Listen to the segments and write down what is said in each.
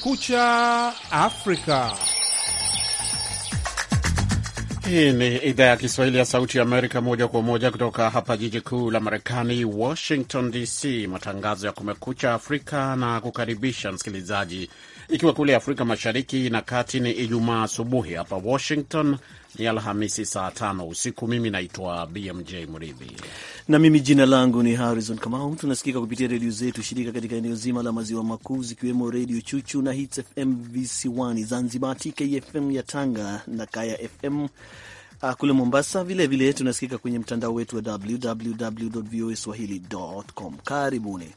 Kumekucha Afrika. Hii ni idhaa ya Kiswahili ya Sauti ya Amerika, moja kwa moja kutoka hapa jiji kuu la Marekani, Washington DC. Matangazo ya Kumekucha Afrika na kukaribisha msikilizaji ikiwa kule Afrika Mashariki na Kati ni Ijumaa asubuhi, hapa Washington ni Alhamisi saa tano usiku. Mimi naitwa BMJ Mridhi na mimi jina langu ni Harrison Kamau. Tunasikika kupitia redio zetu shirika katika eneo zima la maziwa makuu zikiwemo redio Chuchu na Hits FM visiwani Zanzibar, TKFM ya Tanga na Kaya FM ah, kule Mombasa. Vilevile vile, tunasikika kwenye mtandao wetu wa www voa swahili com. Karibuni.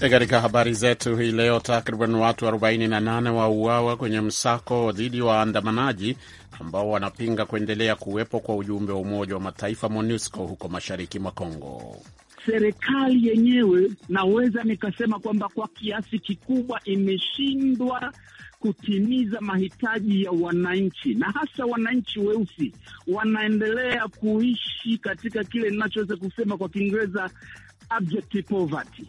Katika habari zetu hii leo, takriban watu 48 wauawa kwenye msako dhidi ya wa waandamanaji ambao wanapinga kuendelea kuwepo kwa ujumbe wa Umoja wa Mataifa MONUSCO huko mashariki mwa Kongo. Serikali yenyewe naweza nikasema kwamba kwa kiasi kikubwa imeshindwa kutimiza mahitaji ya wananchi na hasa wananchi weusi wanaendelea kuishi katika kile ninachoweza kusema kwa Kiingereza abject poverty.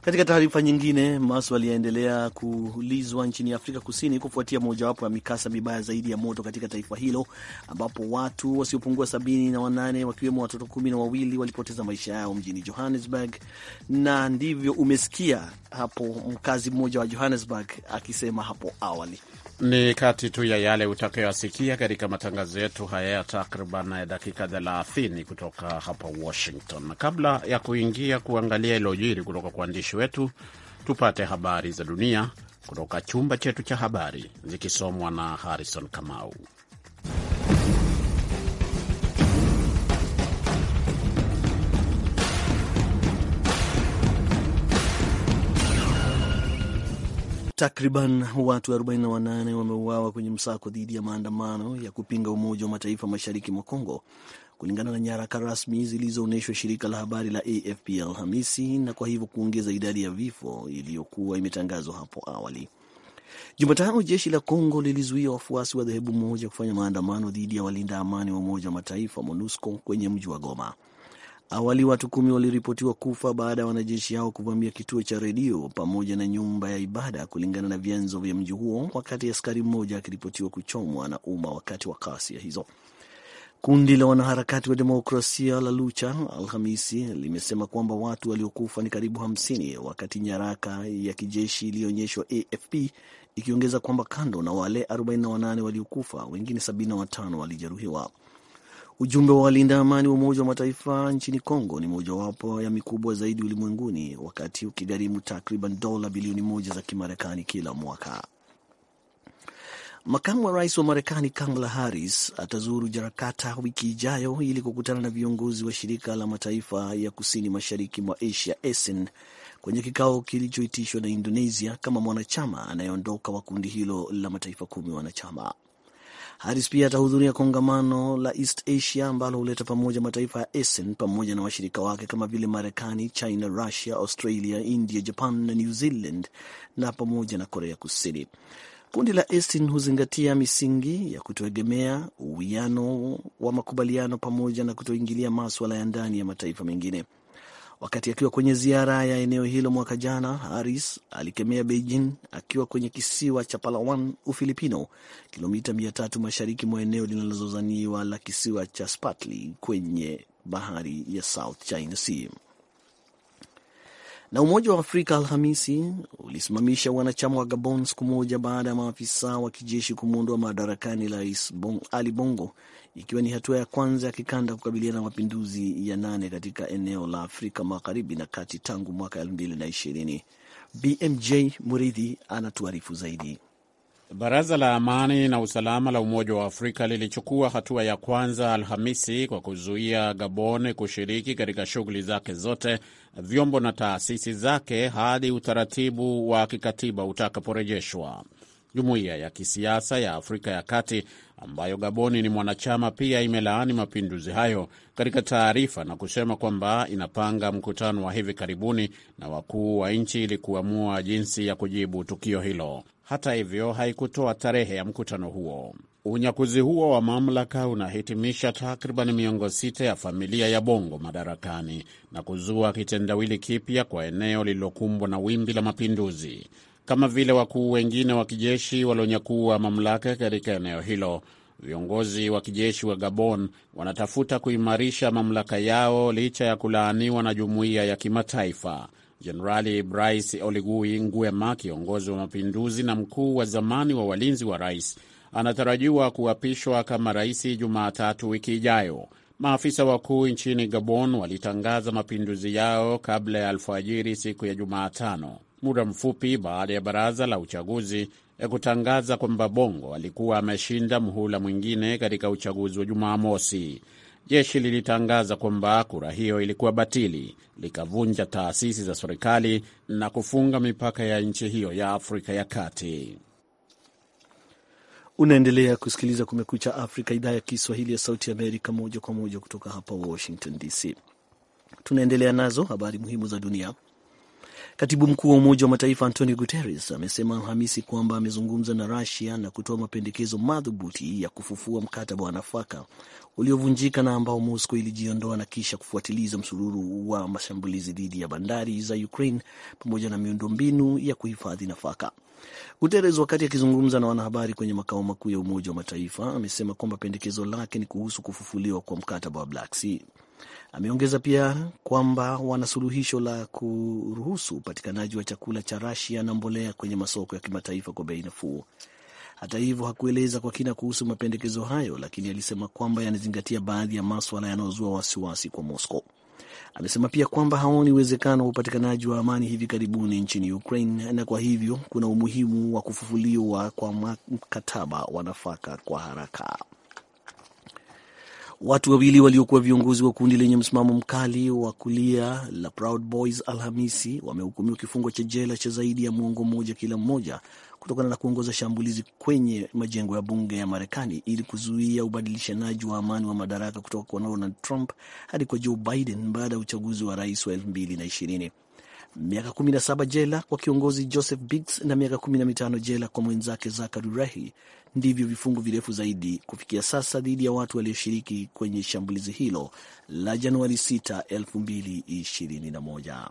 Katika taarifa nyingine, maswali yaendelea kuulizwa nchini Afrika Kusini kufuatia mojawapo ya mikasa mibaya zaidi ya moto katika taifa hilo ambapo watu wasiopungua sabini na wanane wakiwemo watoto kumi na wawili walipoteza maisha yao mjini Johannesburg, na ndivyo umesikia hapo mkazi mmoja wa Johannesburg akisema hapo awali. Ni kati tu ya yale utakayoasikia katika matangazo yetu haya ya takriban dakika 30 kutoka hapa Washington, kabla ya kuingia kuangalia ilojiri kutoka kwa waandishi wetu, tupate habari za dunia kutoka chumba chetu cha habari zikisomwa na Harrison Kamau. Takriban watu 48 wameuawa kwenye msako dhidi ya maandamano ya kupinga Umoja wa Mataifa mashariki mwa Kongo, kulingana na nyaraka rasmi zilizoonyeshwa shirika la habari la AFP Alhamisi, na kwa hivyo kuongeza idadi ya vifo iliyokuwa imetangazwa hapo awali. Jumatano jeshi la Kongo lilizuia wafuasi wa dhehebu moja kufanya maandamano dhidi ya walinda amani wa Umoja wa Mataifa MONUSCO kwenye mji wa Goma. Awali watu kumi waliripotiwa kufa baada ya wanajeshi hao kuvamia kituo cha redio pamoja na nyumba ya ibada, kulingana na vyanzo vya mji huo, wakati askari mmoja akiripotiwa kuchomwa na umma wakati wa kasia hizo. Kundi la wanaharakati wa demokrasia la Lucha Alhamisi limesema kwamba watu waliokufa ni karibu hamsini, wakati nyaraka ya kijeshi iliyoonyeshwa AFP ikiongeza kwamba kando na wale 48 waliokufa, wengine 75 walijeruhiwa. Ujumbe wa walinda amani wa Umoja wa Mataifa nchini Kongo ni mojawapo ya mikubwa zaidi ulimwenguni, wakati ukigharimu takriban dola bilioni moja za Kimarekani kila mwaka. Makamu wa rais wa Marekani Kamala Harris atazuru Jakarta wiki ijayo ili kukutana na viongozi wa shirika la mataifa ya kusini mashariki mwa Asia, ASEAN, kwenye kikao kilichoitishwa na Indonesia kama mwanachama anayeondoka wa kundi hilo la mataifa kumi wanachama. Harris pia atahudhuria kongamano la East Asia ambalo huleta pamoja mataifa ya ASEAN pamoja na washirika wake kama vile Marekani, China, Russia, Australia, India, Japan na New Zealand na pamoja na Korea Kusini. Kundi la ASEAN huzingatia misingi ya kutoegemea, uwiano wa makubaliano pamoja na kutoingilia maswala ya ndani ya mataifa mengine. Wakati akiwa kwenye ziara ya eneo hilo mwaka jana, Harris alikemea Beijing akiwa kwenye kisiwa cha Palawan, Ufilipino, kilomita tatu mashariki mwa eneo linalozozaniwa la kisiwa cha Spratly kwenye bahari ya South China Sea. Na Umoja wa Afrika Alhamisi ulisimamisha wanachama wa Gabon siku moja baada ya maafisa wa kijeshi kumwondoa madarakani Rais Ali Bongo ikiwa ni hatua ya kwanza ya kikanda kukabiliana na mapinduzi ya nane katika eneo la Afrika magharibi na kati tangu mwaka ishirini. BMJ Muridhi anatuarifu zaidi. Baraza la Amani na Usalama la Umoja wa Afrika lilichukua hatua ya kwanza Alhamisi kwa kuzuia Gabon kushiriki katika shughuli zake zote, vyombo na taasisi zake hadi utaratibu wa kikatiba utakaporejeshwa. Jumuiya ya kisiasa ya Afrika ya Kati ambayo Gaboni ni mwanachama pia imelaani mapinduzi hayo katika taarifa na kusema kwamba inapanga mkutano wa hivi karibuni na wakuu wa nchi ili kuamua jinsi ya kujibu tukio hilo. Hata hivyo, haikutoa tarehe ya mkutano huo. Unyakuzi huo wa mamlaka unahitimisha takriban miongo sita ya familia ya Bongo madarakani na kuzua kitendawili kipya kwa eneo lililokumbwa na wimbi la mapinduzi kama vile wakuu wengine wa kijeshi walionyakua mamlaka katika eneo hilo. Viongozi wa kijeshi wa Gabon wanatafuta kuimarisha mamlaka yao licha ya kulaaniwa na jumuiya ya kimataifa. Jenerali Brice Oligui Nguema, kiongozi wa mapinduzi na mkuu wa zamani wa walinzi wa rais, anatarajiwa kuapishwa kama rais Jumatatu wiki ijayo. Maafisa wakuu nchini Gabon walitangaza mapinduzi yao kabla ya alfajiri siku ya Jumatano muda mfupi baada ya baraza la uchaguzi eh, kutangaza kwamba Bongo alikuwa ameshinda mhula mwingine katika uchaguzi wa Jumamosi. Jeshi lilitangaza kwamba kura hiyo ilikuwa batili, likavunja taasisi za serikali na kufunga mipaka ya nchi hiyo ya Afrika ya Kati. Unaendelea kusikiliza Kumekucha Afrika, idhaa ya Kiswahili ya Sauti Amerika, moja kwa moja kutoka hapa Washington DC. Tunaendelea nazo habari muhimu za dunia. Katibu mkuu wa Umoja wa Mataifa Antonio Guterres amesema Alhamisi kwamba amezungumza na Rusia na kutoa mapendekezo madhubuti ya kufufua mkataba wa nafaka uliovunjika na ambao Moscow ilijiondoa na kisha kufuatiliza msururu wa mashambulizi dhidi ya bandari za Ukraine pamoja na miundombinu ya kuhifadhi nafaka. Guterres wakati akizungumza na wanahabari kwenye makao makuu ya Umoja wa Mataifa amesema kwamba pendekezo lake ni kuhusu kufufuliwa kwa mkataba wa Black Sea. Ameongeza pia kwamba wana suluhisho la kuruhusu upatikanaji wa chakula cha Rasia na mbolea kwenye masoko ya kimataifa kwa bei nafuu. Hata hivyo hakueleza kwa kina kuhusu mapendekezo hayo, lakini alisema kwamba yanazingatia baadhi ya maswala yanayozua wasiwasi kwa Moscow. Amesema pia kwamba haoni uwezekano wa upatikanaji wa amani hivi karibuni nchini Ukraine, na kwa hivyo kuna umuhimu wa kufufuliwa kwa mkataba wa nafaka kwa haraka. Watu wawili waliokuwa viongozi wa kundi lenye msimamo mkali wa kulia la Proud Boys Alhamisi wamehukumiwa kifungo cha jela cha zaidi ya mwongo mmoja kila mmoja kutokana na kuongoza shambulizi kwenye majengo ya bunge ya Marekani ili kuzuia ubadilishanaji wa amani wa madaraka kutoka kwa Donald Trump hadi kwa Joe Biden baada ya uchaguzi wa rais wa elfu mbili na ishirini miaka 17 jela kwa kiongozi Joseph Biggs na miaka 15 jela kwa mwenzake Zachary Rahi ndivyo vifungu virefu zaidi kufikia sasa dhidi ya watu walioshiriki kwenye shambulizi hilo la Januari 6, 2021.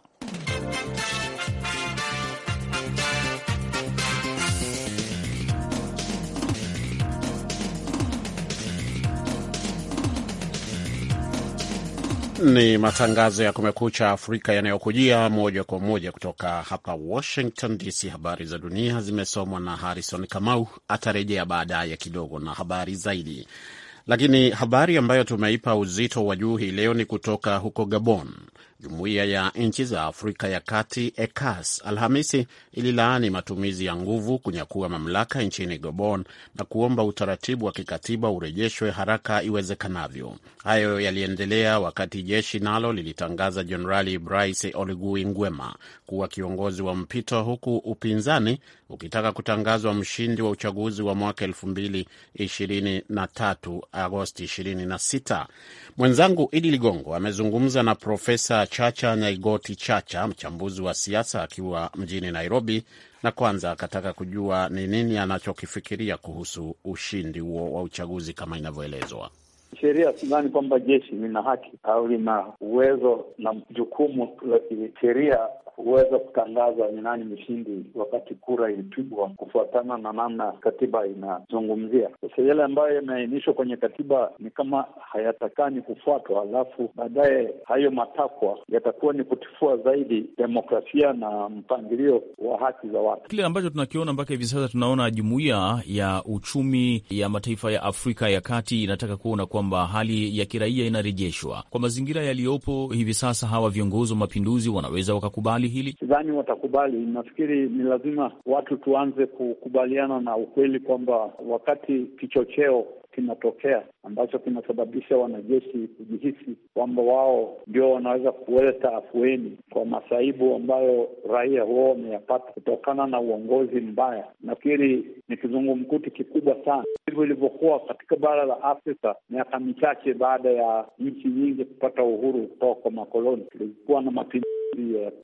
Ni matangazo ya Kumekucha Afrika yanayokujia moja kwa moja kutoka hapa Washington DC. Habari za dunia zimesomwa na Harrison Kamau, atarejea baadaye kidogo na habari zaidi. Lakini habari ambayo tumeipa uzito wa juu hii leo ni kutoka huko Gabon Jumuiya ya nchi za Afrika ya Kati, ECAS, Alhamisi ililaani matumizi ya nguvu kunyakua mamlaka nchini Gabon na kuomba utaratibu wa kikatiba urejeshwe haraka iwezekanavyo. Hayo yaliendelea wakati jeshi nalo lilitangaza Jenerali Brice Oligui Nguema kuwa kiongozi wa mpito, huku upinzani ukitaka kutangazwa mshindi wa uchaguzi wa mwaka elfu mbili ishirini na tatu Agosti 26. Mwenzangu Idi Ligongo amezungumza na Profesa Chacha Nyaigoti Chacha, mchambuzi wa siasa akiwa mjini Nairobi, na kwanza akataka kujua ni nini anachokifikiria kuhusu ushindi huo wa uchaguzi kama inavyoelezwa sheria. Sidhani kwamba jeshi lina haki au lina uwezo na jukumu la kisheria huweza kutangaza ni nani mshindi wakati kura ilipigwa kufuatana na namna katiba inazungumzia. Sasa yale ambayo yameainishwa kwenye katiba ni kama hayatakani kufuatwa, alafu baadaye hayo matakwa yatakuwa ni kutifua zaidi demokrasia na mpangilio wa haki za watu. Kile ambacho tunakiona mpaka hivi sasa, tunaona jumuiya ya uchumi ya mataifa ya Afrika ya kati inataka kuona kwamba hali ya kiraia inarejeshwa. Kwa mazingira yaliyopo hivi sasa, hawa viongozi wa mapinduzi wanaweza wakakubali swali hili? Sidhani watakubali. Nafikiri ni lazima watu tuanze kukubaliana na ukweli kwamba wakati kichocheo kinatokea ambacho kinasababisha wanajeshi kujihisi kwamba wao ndio wanaweza kuleta afueni kwa masaibu ambayo raia huo wameyapata kutokana na uongozi mbaya. Nafikiri ni kizungumkuti kikubwa sana, hivyo ilivyokuwa katika bara la Afrika miaka michache baada ya nchi nyingi kupata uhuru kutoka kwa makoloni, tulikuwa na mapinduzi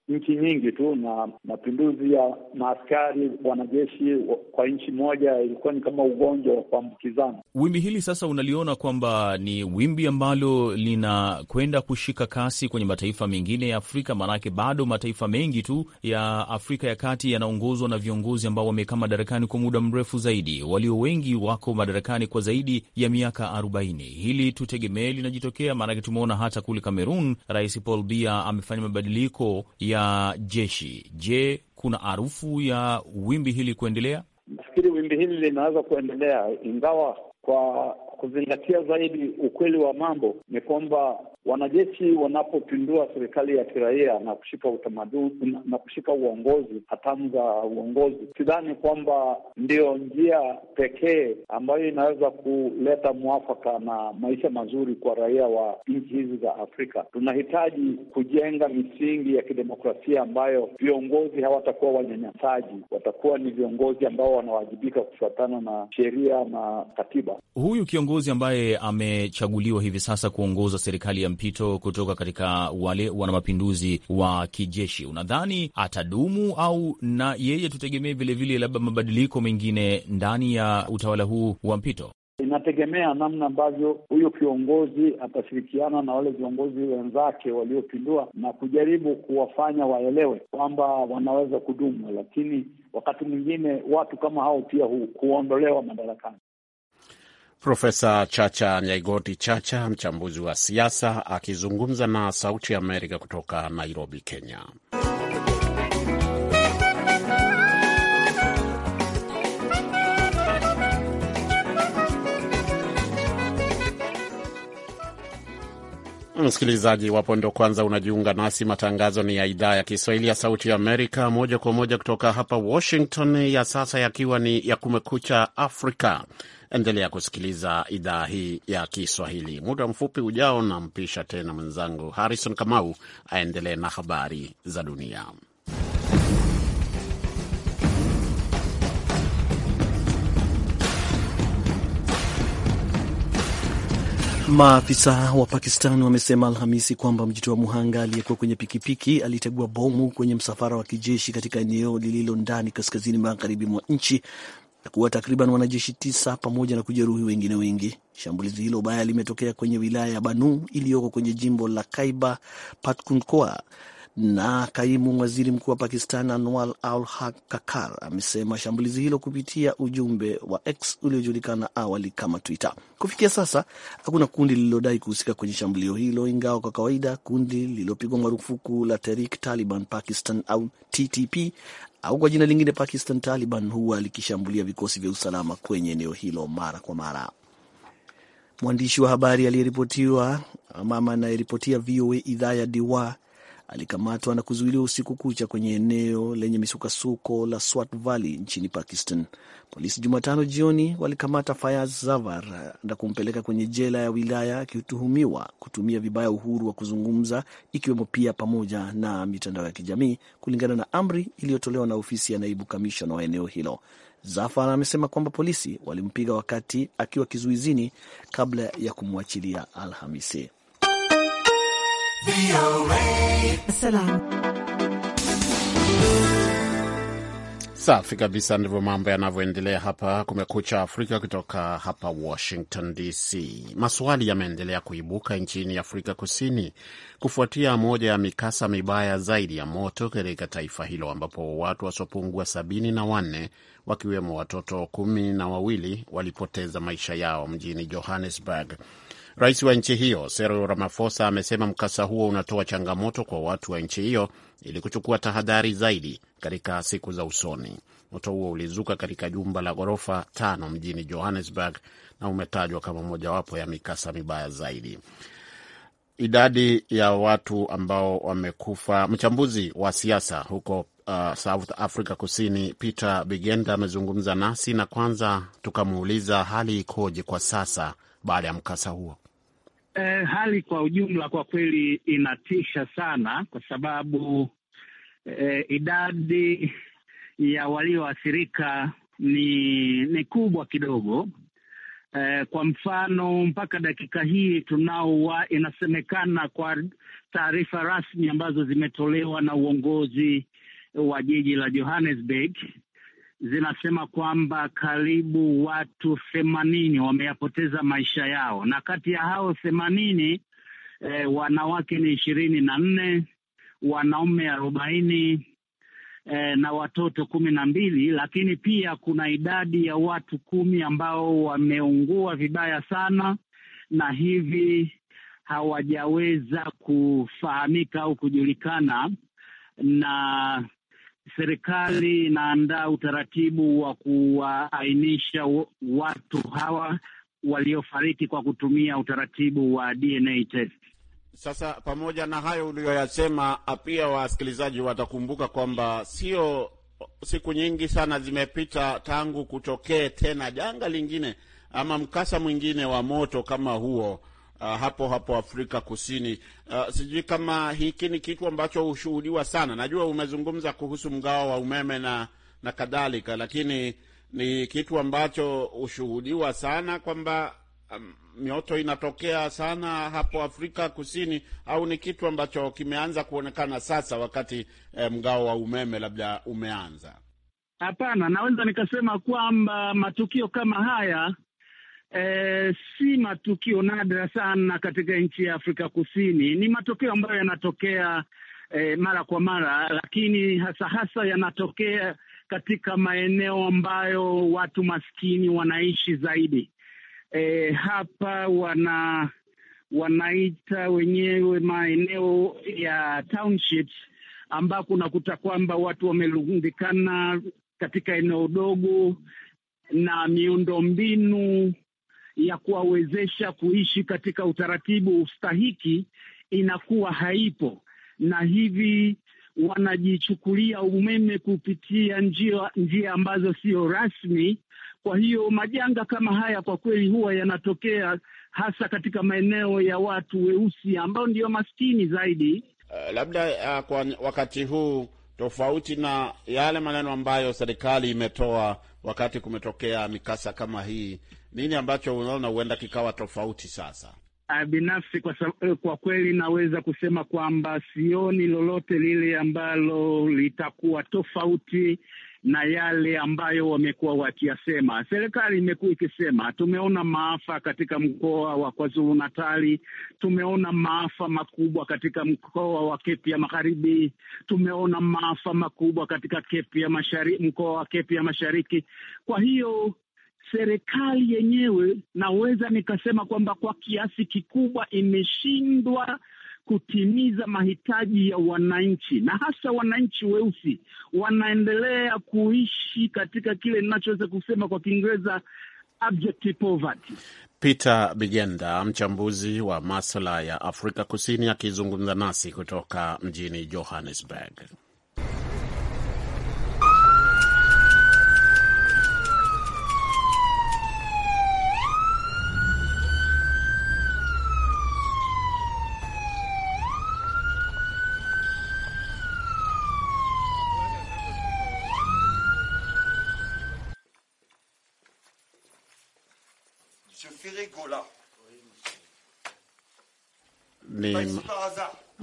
nchi nyingi tu, na mapinduzi ya maaskari wanajeshi kwa nchi moja ilikuwa ni kama ugonjwa wa kuambukizana. Wimbi hili sasa unaliona kwamba ni wimbi ambalo linakwenda kushika kasi kwenye mataifa mengine ya Afrika, maanake bado mataifa mengi tu ya Afrika ya kati yanaongozwa na viongozi ambao wamekaa madarakani kwa muda mrefu zaidi, walio wengi wako madarakani kwa zaidi ya miaka arobaini. Hili tutegemee linajitokea, maanake tumeona hata kule Kamerun Rais Paul Bia amefanya mabadiliko mabadiliko ya jeshi, je, kuna harufu ya wimbi hili kuendelea? Nafikiri wimbi hili linaweza kuendelea, ingawa kwa kuzingatia zaidi ukweli wa mambo ni kwamba Wanajeshi wanapopindua serikali ya kiraia na kushika utamaduni na kushika uongozi, hatamu za uongozi, sidhani kwamba ndiyo njia pekee ambayo inaweza kuleta mwafaka na maisha mazuri kwa raia wa nchi hizi za Afrika. Tunahitaji kujenga misingi ya kidemokrasia ambayo viongozi hawatakuwa wanyanyasaji, watakuwa ni viongozi ambao wanawajibika kufuatana na sheria na katiba. Huyu kiongozi ambaye amechaguliwa hivi sasa kuongoza serikali ya mpito kutoka katika wale wanamapinduzi wa kijeshi, unadhani atadumu au na yeye tutegemee vilevile labda mabadiliko mengine ndani ya utawala huu wa mpito? Inategemea namna ambavyo huyo kiongozi atashirikiana na wale viongozi wenzake waliopindua na kujaribu kuwafanya waelewe kwamba wanaweza kudumu, lakini wakati mwingine watu kama hao pia huondolewa madarakani. Profesa Chacha Nyaigoti Chacha, mchambuzi wa siasa, akizungumza na Sauti ya Amerika kutoka Nairobi, Kenya. Msikilizaji, iwapo ndo kwanza unajiunga nasi, matangazo ni ya idhaa ya Kiswahili ya Sauti ya Amerika, moja kwa moja kutoka hapa Washington, ya sasa yakiwa ni ya Kumekucha Afrika. Endelea kusikiliza idhaa hii ya Kiswahili. Muda mfupi ujao, nampisha tena mwenzangu Harrison Kamau aendelee na habari za dunia. Maafisa wa Pakistan wamesema Alhamisi kwamba mjitoa muhanga aliyekuwa kwenye pikipiki alitegua bomu kwenye msafara wa kijeshi katika eneo lililo ndani kaskazini magharibi mwa nchi na kuwa takriban wanajeshi tisa pamoja na kujeruhi wengine wengi. Shambulizi hilo baya limetokea kwenye wilaya ya Banu iliyoko kwenye jimbo la kaiba patkunkoa na kaimu waziri mkuu wa Pakistan Anwar al Haq Kakar amesema shambulizi hilo kupitia ujumbe wa X uliojulikana awali kama Twitter. Kufikia sasa hakuna kundi lililodai kuhusika kwenye shambulio hilo, ingawa kwa kawaida kundi lililopigwa marufuku la Tehrik Taliban Pakistan au TTP au kwa jina lingine Pakistan Taliban huwa likishambulia vikosi vya usalama kwenye eneo hilo mara kwa mara. Mwandishi wa habari aliyeripotiwa mama anayeripotia VOA idhaa ya Diwa alikamatwa na kuzuiliwa usiku kucha kwenye eneo lenye misukasuko la Swat Valley nchini Pakistan. Polisi Jumatano jioni walikamata Fayaz Zavar na kumpeleka kwenye jela ya wilaya akituhumiwa kutumia vibaya uhuru wa kuzungumza, ikiwemo pia pamoja na mitandao ya kijamii, kulingana na amri iliyotolewa na ofisi ya naibu kamishona wa eneo hilo. Zafar amesema kwamba polisi walimpiga wakati akiwa kizuizini kabla ya kumwachilia Alhamisi. Safi kabisa, ndivyo mambo yanavyoendelea hapa Kumekucha Afrika kutoka hapa Washington DC. Maswali yameendelea kuibuka nchini Afrika Kusini kufuatia moja ya mikasa mibaya zaidi ya moto katika taifa hilo ambapo watu wasiopungua sabini na wanne wakiwemo watoto kumi na wawili walipoteza maisha yao mjini Johannesburg Rais wa nchi hiyo Cyril Ramaphosa amesema mkasa huo unatoa changamoto kwa watu wa nchi hiyo ili kuchukua tahadhari zaidi katika siku za usoni. Moto huo ulizuka katika jumba la ghorofa tano mjini Johannesburg na umetajwa kama mojawapo ya mikasa mibaya zaidi. Idadi ya watu ambao wamekufa. Mchambuzi wa siasa huko uh, South Africa Kusini, Peter Bigenda amezungumza nasi na kwanza tukamuuliza hali ikoje kwa sasa baada ya mkasa huo eh, hali kwa ujumla kwa kweli inatisha sana, kwa sababu eh, idadi ya walioathirika ni, ni kubwa kidogo. Eh, kwa mfano mpaka dakika hii tunao, inasemekana kwa taarifa rasmi ambazo zimetolewa na uongozi wa jiji la Johannesburg zinasema kwamba karibu watu themanini wameyapoteza maisha yao, na kati ya hao themanini e, wanawake ni ishirini na nne wanaume arobaini e, na watoto kumi na mbili lakini pia kuna idadi ya watu kumi ambao wameungua vibaya sana na hivi hawajaweza kufahamika au kujulikana na serikali inaandaa utaratibu wa kuwaainisha watu hawa waliofariki kwa kutumia utaratibu wa DNA test. Sasa pamoja na hayo uliyoyasema, pia wasikilizaji watakumbuka kwamba sio siku nyingi sana zimepita tangu kutokee tena janga lingine ama mkasa mwingine wa moto kama huo uh, hapo hapo Afrika Kusini. Uh, sijui kama hiki ni kitu ambacho hushuhudiwa sana. Najua umezungumza kuhusu mgao wa umeme na, na kadhalika, lakini ni kitu ambacho hushuhudiwa sana kwamba um, mioto inatokea sana hapo Afrika Kusini, au ni kitu ambacho kimeanza kuonekana sasa wakati eh, mgao wa umeme labda umeanza? Hapana, naweza nikasema kwamba matukio kama haya E, si matukio nadra sana katika nchi ya Afrika Kusini. Ni matokeo ambayo yanatokea e, mara kwa mara, lakini hasa hasa yanatokea katika maeneo ambayo watu maskini wanaishi zaidi. E, hapa wana wanaita wenyewe maeneo ya townships ambako unakuta kwamba watu wamerundikana katika eneo dogo na miundo mbinu ya kuwawezesha kuishi katika utaratibu ustahiki inakuwa haipo, na hivi wanajichukulia umeme kupitia njia, njia ambazo sio rasmi. Kwa hiyo majanga kama haya kwa kweli huwa yanatokea hasa katika maeneo ya watu weusi ambao ndio maskini zaidi. Uh, labda uh, kwa wakati huu tofauti na yale maneno ambayo serikali imetoa wakati kumetokea mikasa kama hii nini ambacho unaona huenda kikawa tofauti sasa? Ah, binafsi kwa, eh, kwa kweli naweza kusema kwamba sioni lolote lile ambalo litakuwa tofauti na yale ambayo wamekuwa wakiyasema. Serikali imekuwa ikisema, tumeona maafa katika mkoa wa KwaZulu Natali, tumeona maafa makubwa katika mkoa wa Kepi ya Magharibi, tumeona maafa makubwa katika Kepi ya Mashariki, mkoa wa Kepi ya Mashariki. Kwa hiyo serikali yenyewe naweza nikasema kwamba kwa kiasi kikubwa imeshindwa kutimiza mahitaji ya wananchi na hasa wananchi weusi wanaendelea kuishi katika kile ninachoweza kusema kwa Kiingereza abject poverty. Peter Bigenda, mchambuzi wa maswala ya Afrika Kusini, akizungumza nasi kutoka mjini Johannesburg.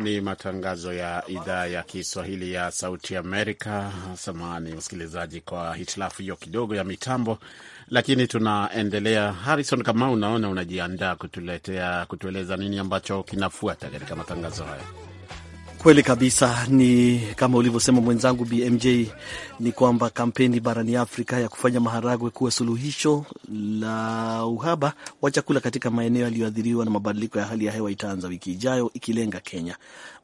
Ni matangazo ya idhaa ya Kiswahili ya Sauti Amerika. Samahani msikilizaji kwa hitilafu hiyo kidogo ya mitambo, lakini tunaendelea. Harrison, kama unaona unajiandaa kutuletea kutueleza nini ambacho kinafuata katika matangazo haya. Kweli kabisa, ni kama ulivyosema mwenzangu BMJ, ni kwamba kampeni barani Afrika ya kufanya maharagwe kuwa suluhisho la uhaba wa chakula katika maeneo yaliyoathiriwa na mabadiliko ya hali ya hewa itaanza wiki ijayo, ikilenga Kenya.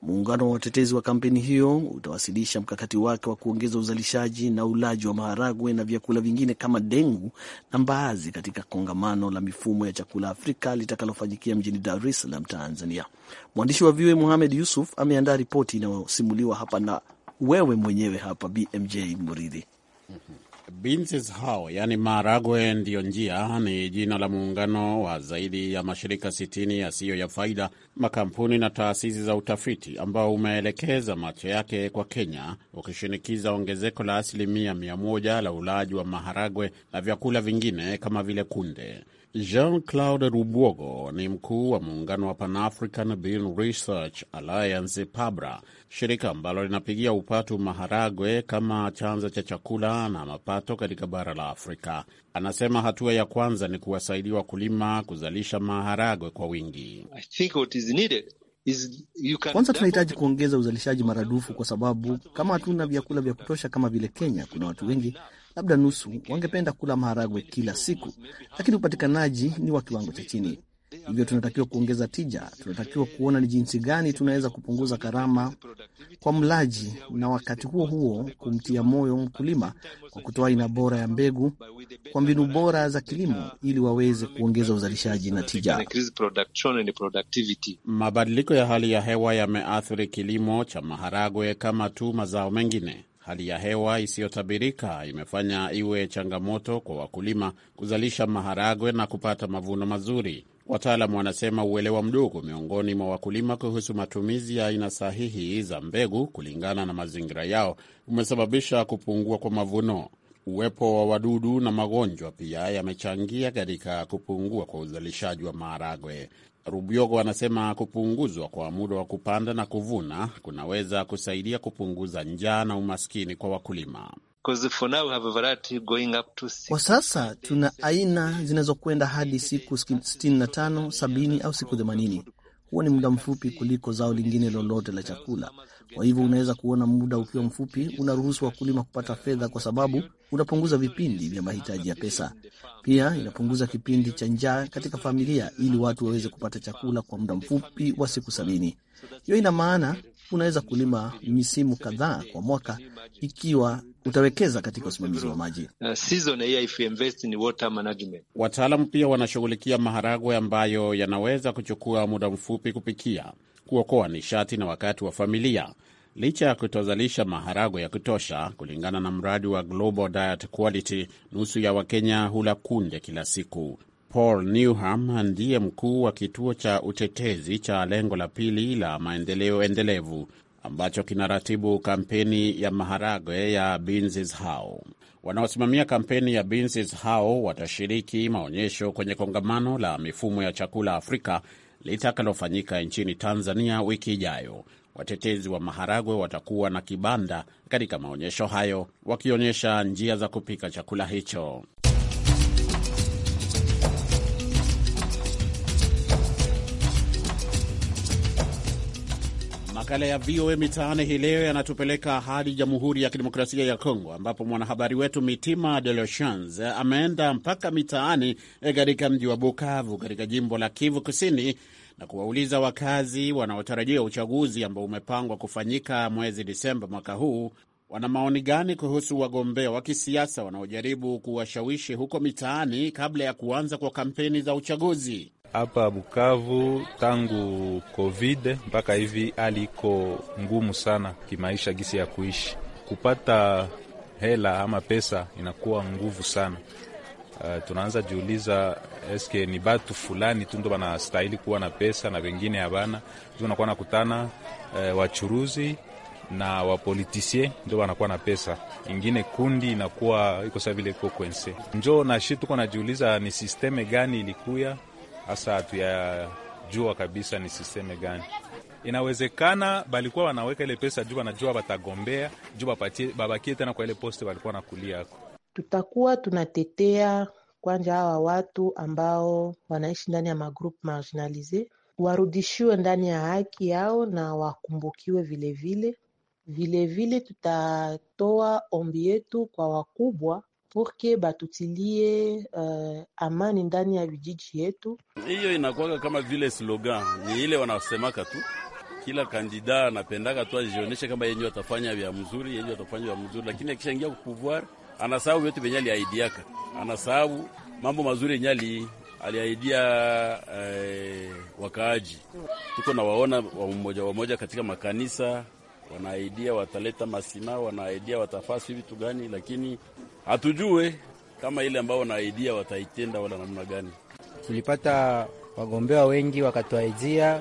Muungano wa watetezi wa kampeni hiyo utawasilisha mkakati wake wa kuongeza uzalishaji na ulaji wa maharagwe na vyakula vingine kama dengu na mbaazi katika kongamano la mifumo ya chakula Afrika litakalofanyikia mjini Dar es Salaam, Tanzania. Mwandishi wa VOA muhamed Yusuf ameandaa ripoti inayosimuliwa hapa na wewe mwenyewe hapa BMJ Muridhi. Beans hao yaani maharagwe ndiyo njia, ni jina la muungano wa zaidi ya mashirika 60 yasiyo ya faida makampuni na taasisi za utafiti ambao umeelekeza macho yake kwa Kenya ukishinikiza ongezeko la asilimia mia moja la ulaji wa maharagwe na vyakula vingine kama vile kunde. Jean Claude Rubwogo ni mkuu wa muungano wa Pan African Bean Research Alliance, PABRA, shirika ambalo linapigia upatu maharagwe kama chanzo cha chakula na mapato katika bara la Afrika. Anasema hatua ya kwanza ni kuwasaidia wakulima kuzalisha maharagwe kwa wingi. Kwanza tunahitaji kuongeza uzalishaji maradufu, kwa sababu kama hatuna vyakula vya kutosha kama vile Kenya, kuna watu wengi, labda nusu, wangependa kula maharagwe kila siku, lakini upatikanaji ni wa kiwango cha chini. Hivyo tunatakiwa kuongeza tija, tunatakiwa kuona ni jinsi gani tunaweza kupunguza gharama kwa mlaji na wakati huo huo kumtia moyo mkulima kwa kutoa aina bora ya mbegu kwa mbinu bora za kilimo ili waweze kuongeza uzalishaji na tija. Mabadiliko ya hali ya hewa yameathiri kilimo cha maharagwe kama tu mazao mengine. Hali ya hewa isiyotabirika imefanya iwe changamoto kwa wakulima kuzalisha maharagwe na kupata mavuno mazuri. Wataalamu wanasema uelewa mdogo miongoni mwa wakulima kuhusu matumizi ya aina sahihi za mbegu kulingana na mazingira yao umesababisha kupungua kwa mavuno. Uwepo wa wadudu na magonjwa pia yamechangia katika kupungua kwa uzalishaji wa maharagwe. Rubiogo anasema kupunguzwa kwa muda wa kupanda na kuvuna kunaweza kusaidia kupunguza njaa na umaskini kwa wakulima. Kwa sasa tuna aina zinazokwenda hadi siku 65, 70 au siku 80. Huo ni muda mfupi kuliko zao lingine lolote la chakula. Kwa hivyo unaweza kuona muda ukiwa mfupi unaruhusu wakulima kupata fedha, kwa sababu unapunguza vipindi vya mahitaji ya pesa. Pia inapunguza kipindi cha njaa katika familia, ili watu waweze kupata chakula kwa muda mfupi wa siku sabini. Hiyo ina maana unaweza kulima misimu kadhaa kwa mwaka ikiwa utawekeza katika usimamizi wa maji. Uh, Wataalamu pia wanashughulikia maharagwe ambayo yanaweza kuchukua muda mfupi kupikia, kuokoa nishati na wakati wa familia, licha ya kutozalisha maharagwe ya kutosha. Kulingana na mradi wa Global Diet Quality, nusu ya Wakenya hula kunde kila siku. Paul Newham ndiye mkuu wa kituo cha utetezi cha lengo la pili la maendeleo endelevu ambacho kinaratibu kampeni ya maharagwe ya Beans is How. Wanaosimamia kampeni ya Beans is How watashiriki maonyesho kwenye kongamano la mifumo ya chakula Afrika litakalofanyika nchini Tanzania wiki ijayo. Watetezi wa maharagwe watakuwa na kibanda katika maonyesho hayo, wakionyesha njia za kupika chakula hicho. Makala ya VOA Mitaani hii leo yanatupeleka hadi Jamhuri ya Kidemokrasia ya Kongo, ambapo mwanahabari wetu Mitima De Lochans ameenda mpaka mitaani eh, katika mji wa Bukavu katika jimbo la Kivu Kusini na kuwauliza wakazi wanaotarajia uchaguzi ambao umepangwa kufanyika mwezi Disemba mwaka huu wana maoni gani kuhusu wagombea wa kisiasa wanaojaribu kuwashawishi huko mitaani kabla ya kuanza kwa kampeni za uchaguzi hapa Bukavu tangu Covid mpaka hivi hali iko ngumu sana kimaisha, gisi ya kuishi, kupata hela ama pesa inakuwa nguvu sana. Uh, tunaanza jiuliza eske ni batu fulani tu ndo banastahili kuwa na pesa na wengine habana, ndio nakuwa nakutana uh, wachuruzi na wapolitisie ndo wanakuwa na pesa ingine, kundi inakuwa iko saa vile iko kwense njo nashi, tuko najiuliza ni sisteme gani ilikuya hasa hatuyajua kabisa, ni siseme gani inawezekana balikuwa wanaweka ile pesa juu wanajua watagombea juu babakie tena kwa ile posti walikuwa nakulia ako. Tutakuwa tunatetea kwanja hawa watu ambao wanaishi ndani ya magrup marginalize warudishiwe ndani ya haki yao na wakumbukiwe vilevile. Vilevile tutatoa ombi yetu kwa wakubwa purke batutilie uh, amani ndani ya vijiji yetu. Hiyo inakuwaga kama vile slogan, ni ile wanasemaka tu kila kandida anapendaka tu ajionyeshe kama yenye watafanya vya mzuri, yenye atafanya vya mzuri, lakini akishaingia pouvoir anasahau vyote vyenye aliaidiaka, anasahau mambo mazuri yenye aliaidia eh, wakaaji. Tuko mmoja wamoja mmoja katika makanisa wanaaidia wataleta masima, wanaaidia watafasi vitu gani, lakini hatujue kama ile ambao wanaaidia wataitenda wala namna gani. Tulipata wagombea wengi wakatuaidia,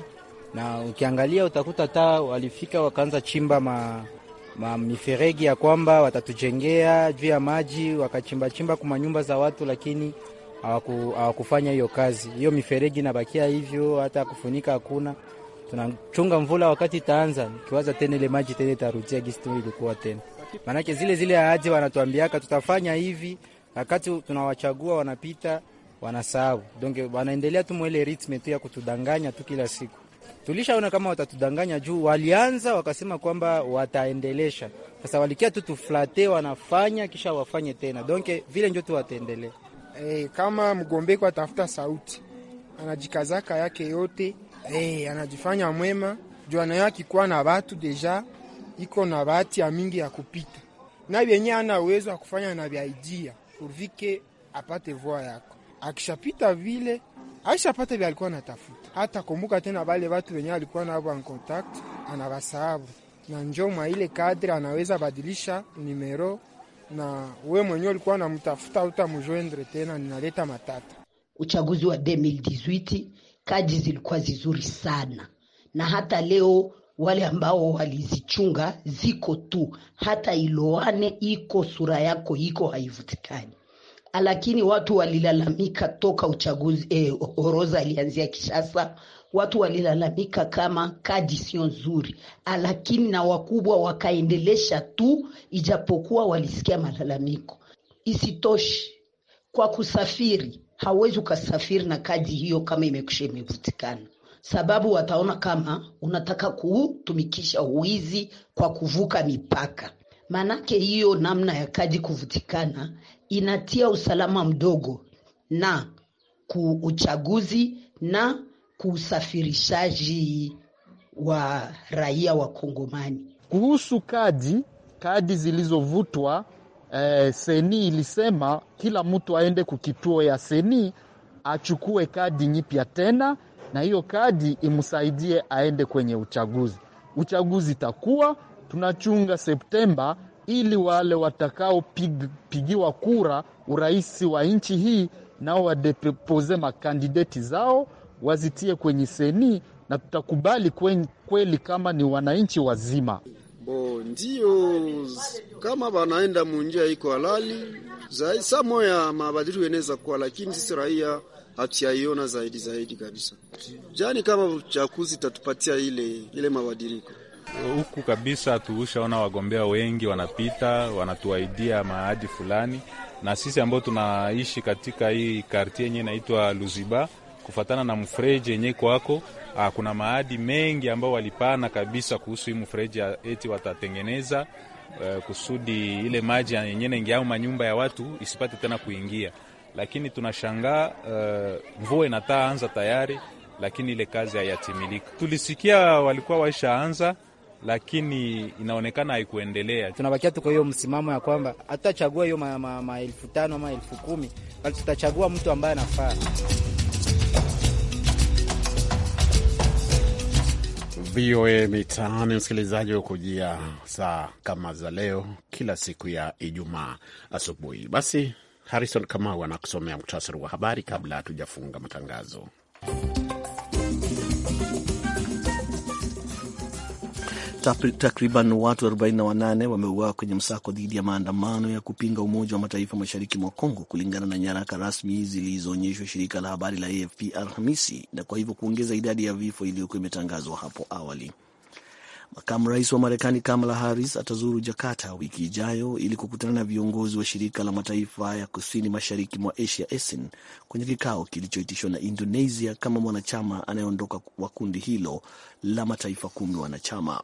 na ukiangalia utakuta hata walifika wakaanza chimba ma, ma miferegi ya kwamba watatujengea juu ya maji, wakachimbachimba kwa nyumba za watu, lakini hawaku, hawakufanya hiyo kazi. Hiyo miferegi inabakia hivyo, hata kufunika hakuna. Tunachunga mvula wakati itaanza, nikiwaza tena ile maji tena itarudia gisi ilikuwa tena maanake zile zile ahadi wanatuambiaka tutafanya hivi, wakati tunawachagua wanapita wanasahau, donc wanaendelea tu mwele ritme tu ya kutudanganya tu kila siku. Tulishaona kama watatudanganya juu walianza wakasema kwamba wataendelesha, sasa walikia tu tuflate, wanafanya kisha wafanye tena, donke vile njo tu wataendelea. Hey, eh, kama mgombeko atafuta sauti anajikazaka yake yote, hey, eh, anajifanya mwema juu anayo akikuwa na watu deja iko na bahati ya mingi ya kupita na vyenye ana uwezo wa kufanya na vya idia kurvike apate voa yako. Akishapita vile aishapata vya alikuwa anatafuta, hata kumbuka tena bale watu wenye alikuwa navo en contact anawasahabu, na njo mwa ile kadri anaweza badilisha nimero na we mwenyewe ulikuwa namtafuta utamjwendre tena, ninaleta matata. Uchaguzi wa 2018 kadi zilikuwa zizuri sana, na hata leo wale ambao walizichunga ziko tu, hata iloane iko sura yako iko haivutikani. Ah, lakini watu walilalamika toka uchaguzi eh, oroza alianzia Kishasa, watu walilalamika kama kadi sio nzuri, ah, lakini na wakubwa wakaendelesha tu, ijapokuwa walisikia malalamiko. Isitoshi, kwa kusafiri hawezi ukasafiri na kadi hiyo kama imekusha imevutikana sababu wataona kama unataka kutumikisha uwizi kwa kuvuka mipaka. Maanake hiyo namna ya kadi kuvutikana inatia usalama mdogo na kuuchaguzi na kuusafirishaji wa raia wa Kongomani. Kuhusu kadi kadi zilizovutwa eh, seni ilisema kila mtu aende kukituo ya seni achukue kadi nyipya tena na hiyo kadi imsaidie aende kwenye uchaguzi. Uchaguzi itakuwa tunachunga Septemba, ili wale watakaopigiwa kura urais wa nchi hii nao wadepoze makandideti zao wazitie kwenye seni, na tutakubali kweli kama ni wananchi wazima bo ndio kama wanaenda munjia iko halali zaisa moya mabadiliko yanaweza kuwa, lakini sisi raia hatuyaiona zaidi zaidi kabisa. Jani kama uchaguzi itatupatia ile, ile mabadiliko huku kabisa, hatuushaona wagombea wengi wanapita wanatuaidia maadi fulani, na sisi ambao tunaishi katika hii kartie yenye inaitwa Luziba kufatana na mfreji yenye kwako ah, kuna maadi mengi ambao walipana kabisa kuhusu hii mfreji eti watatengeneza eh, kusudi ile maji yenye naingia au manyumba ya watu isipate tena kuingia lakini tunashangaa uh, mvua inataanza tayari, lakini ile kazi hayatimilika. Tulisikia walikuwa waishaanza lakini inaonekana haikuendelea. Tunabakia tuko hiyo msimamo ya kwamba hatutachagua hiyo maelfu ma, ma, ma tano ama elfu kumi bali tutachagua mtu ambaye anafaa. VOA Mitaani, msikilizaji wa kujia saa kama za leo, kila siku ya Ijumaa asubuhi. Basi Harrison Kamau anakusomea muhtasari wa habari kabla hatujafunga matangazo. Takriban watu 48 wameuawa kwenye msako dhidi ya maandamano ya kupinga Umoja wa Mataifa mashariki mwa Kongo, kulingana na nyaraka rasmi zilizoonyeshwa shirika la habari la AFP Alhamisi, na kwa hivyo kuongeza idadi ya vifo iliyokuwa imetangazwa hapo awali. Makamu rais wa Marekani Kamala Harris atazuru Jakarta wiki ijayo ili kukutana na viongozi wa shirika la mataifa ya kusini mashariki mwa Asia ASEAN kwenye kikao kilichoitishwa na Indonesia kama mwanachama anayeondoka wa kundi hilo la mataifa kumi wanachama.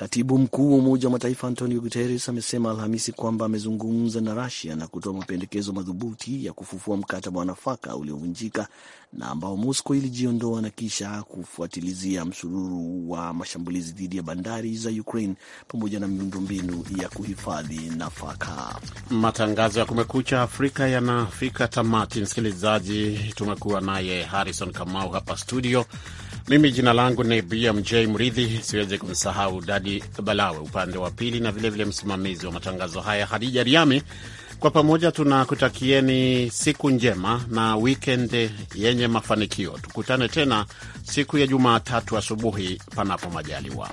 Katibu mkuu wa Umoja wa Mataifa Antonio Guterres amesema Alhamisi kwamba amezungumza na Rusia na kutoa mapendekezo madhubuti ya kufufua mkataba wa nafaka uliovunjika na ambao Moscow ilijiondoa na kisha kufuatilizia msururu wa mashambulizi dhidi ya bandari za Ukraine pamoja na miundombinu ya kuhifadhi nafaka. Matangazo ya Kumekucha Afrika yanafika tamati. Msikilizaji, tumekuwa naye Harrison Kamau hapa studio mimi jina langu ni BMJ Mridhi. Siwezi kumsahau Dadi Balawe upande wa pili, na vilevile msimamizi wa matangazo haya Hadija Riami. Kwa pamoja tunakutakieni siku njema na wikendi yenye mafanikio. Tukutane tena siku ya Jumatatu asubuhi, panapo majaliwa.